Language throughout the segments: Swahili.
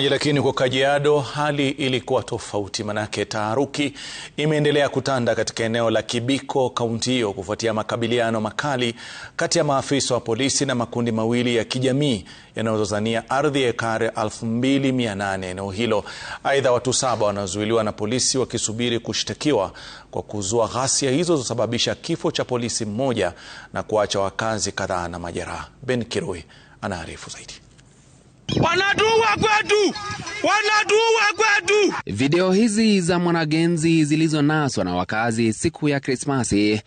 mtazamaji, lakini kwa Kajiado hali ilikuwa tofauti, manake taharuki imeendelea kutanda katika eneo la Kibiko, kaunti hiyo, kufuatia makabiliano makali kati ya maafisa wa polisi na makundi mawili ya kijamii yanayozozania ardhi ya ekari 2800 eneo hilo. Aidha, watu saba wanazuiliwa na polisi wakisubiri kushtakiwa kwa kuzua ghasia hizo zosababisha kifo cha polisi mmoja na kuacha wakazi kadhaa na majeraha. Ben Kirui anaarifu zaidi wanaduwa kwetu, wanaduwa kwetu. Video hizi za mwanagenzi zilizonaswa na wakazi siku ya Krismasi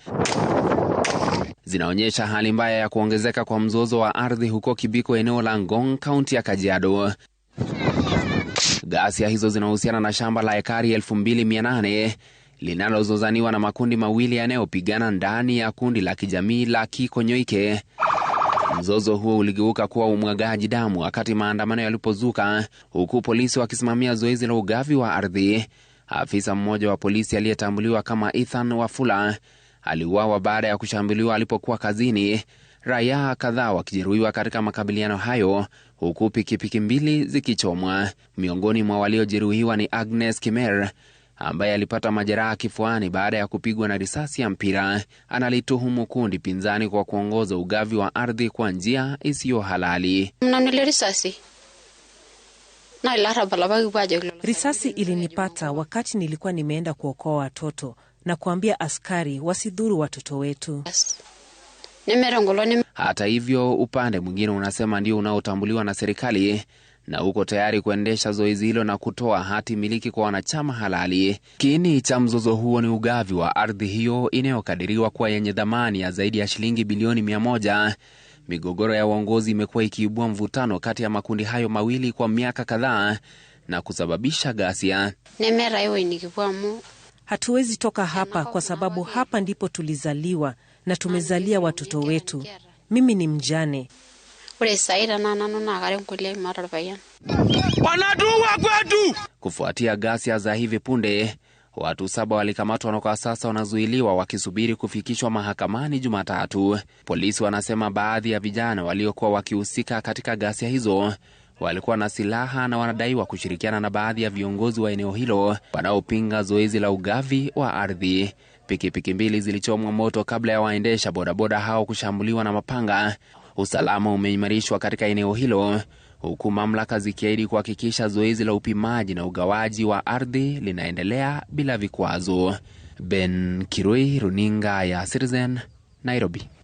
zinaonyesha hali mbaya ya kuongezeka kwa mzozo wa ardhi huko Kibiko, eneo la Ngong, kaunti ya Kajiado. Ghasia hizo zinahusiana na shamba la ekari 2800 linalozozaniwa na makundi mawili yanayopigana ndani ya kundi la kijamii la Kikonyoike Mzozo huo uligeuka kuwa umwagaji damu wakati maandamano yalipozuka, huku polisi wakisimamia zoezi la ugavi wa ardhi. Afisa mmoja wa polisi aliyetambuliwa kama Ethan Wafula aliuawa baada ya kushambuliwa alipokuwa kazini, raia kadhaa wakijeruhiwa katika makabiliano hayo, huku pikipiki mbili zikichomwa. Miongoni mwa waliojeruhiwa ni Agnes Kimer ambaye alipata majeraha kifuani baada ya kupigwa na risasi ya mpira analituhumu kundi pinzani kwa kuongoza ugavi wa ardhi kwa njia isiyo halali. Risasi. ilinipata wakati nilikuwa nimeenda kuokoa watoto na kuambia askari wasidhuru watoto wetu. Hata hivyo, upande mwingine unasema ndio unaotambuliwa na serikali na uko tayari kuendesha zoezi hilo na kutoa hati miliki kwa wanachama halali. Kiini cha mzozo huo ni ugavi wa ardhi hiyo inayokadiriwa kuwa yenye thamani ya zaidi ya shilingi bilioni mia moja. Migogoro ya uongozi imekuwa ikiibua mvutano kati ya makundi hayo mawili kwa miaka kadhaa na kusababisha ghasia. Hatuwezi toka hapa kwa sababu hapa ndipo tulizaliwa na tumezalia watoto wetu. Mimi ni mjane. Ore sai tenaa nanu naa kare nkulie maata orpayian. Wanatua kwetu! Kufuatia gasia za hivi punde, watu saba walikamatwa na kwa sasa wanazuiliwa wakisubiri kufikishwa mahakamani Jumatatu. Polisi wanasema baadhi ya vijana waliokuwa wakihusika katika gasia hizo walikuwa na silaha na wanadaiwa kushirikiana na baadhi ya viongozi wa eneo hilo wanaopinga zoezi la ugavi wa ardhi. Pikipiki mbili zilichomwa moto kabla ya waendesha bodaboda hao kushambuliwa na mapanga Usalama umeimarishwa katika eneo hilo huku mamlaka zikiahidi kuhakikisha zoezi la upimaji na ugawaji wa ardhi linaendelea bila vikwazo. Ben Kirui, runinga ya Citizen, Nairobi.